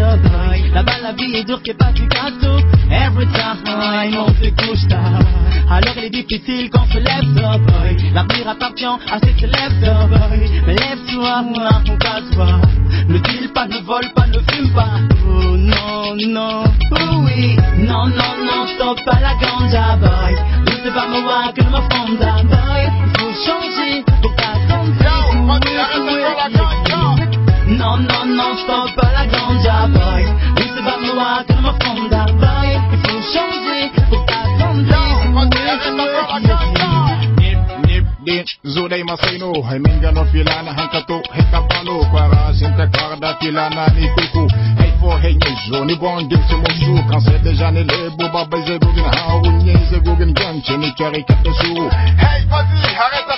Là-bas la vie est dure qu'est pas du gâteau Every time on fait couche tard Alors il est difficile qu'on se lève tôt boy L'avenir appartient à ceux qui se lèvent boy Mais lève-toi, on casse-toi Ne deal pas, ne vole pas, ne fume pas Oh non, non, oh oui Non, non, non, stop à la ganja boy Je sais pas moi que ma fonda boy Faut changer, faut pas tomber Non, non, non, stop à 남자 boy 뉴스 방송와 그놈의 폰다 boy 이쁜 쇼미지 filana hankato, hekapano, para sinta karda filana ni hey for hey nyezo, ni bon dik se monshu, quand boba baiser gugin haou, nyeze gugin ganche, ni kari kato Hey, vas-y,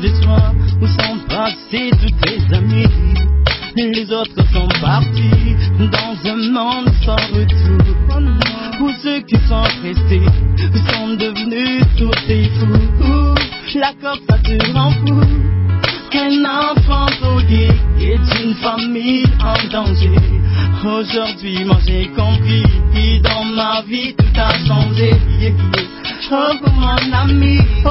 de Où sont passés tous tes amis Les autres sont partis dans un monde sans retour Où ceux qui sont restés sont devenus tous des fous La corde a te rend fou Un enfant volé est une famille en danger Aujourd'hui moi j'ai compris Dans ma vie tout a changé Oh mon ami oh,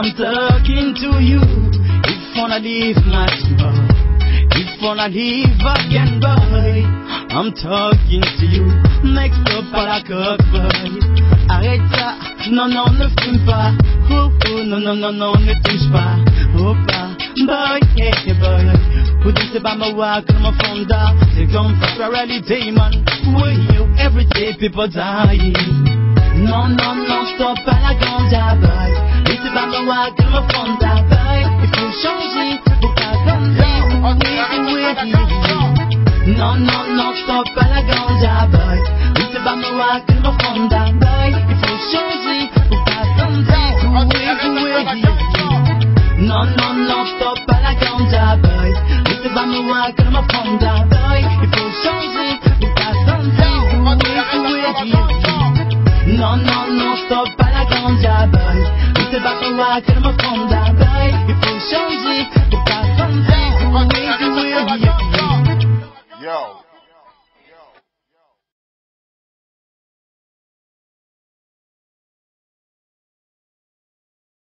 I'm talking to you. If wanna leave my spot, if wanna leave again, boy. I'm talking to you. Next up à la coque, boy. Arrête ça, non, non, ne fume pas. Oh, oh, non, non, non, non, ne touche pas. Oh, pas, boy, yeah, yeah, boy. Who thinks about my work and my founder? They come for a rally day, man. With you, every day people dying. Non, non, non, stop à la ganja, boy. tu vas Il faut changer, faut pas Non, non, non, stop la ganja, boy. tu la Il faut changer, faut pas Non, non, non, stop la ganja, boy. Il faut changer, faut pas Non, non, non, stop la ganja, boy. Te bat en moi tellement qu'on d'abeille Il faut changer de façon Yo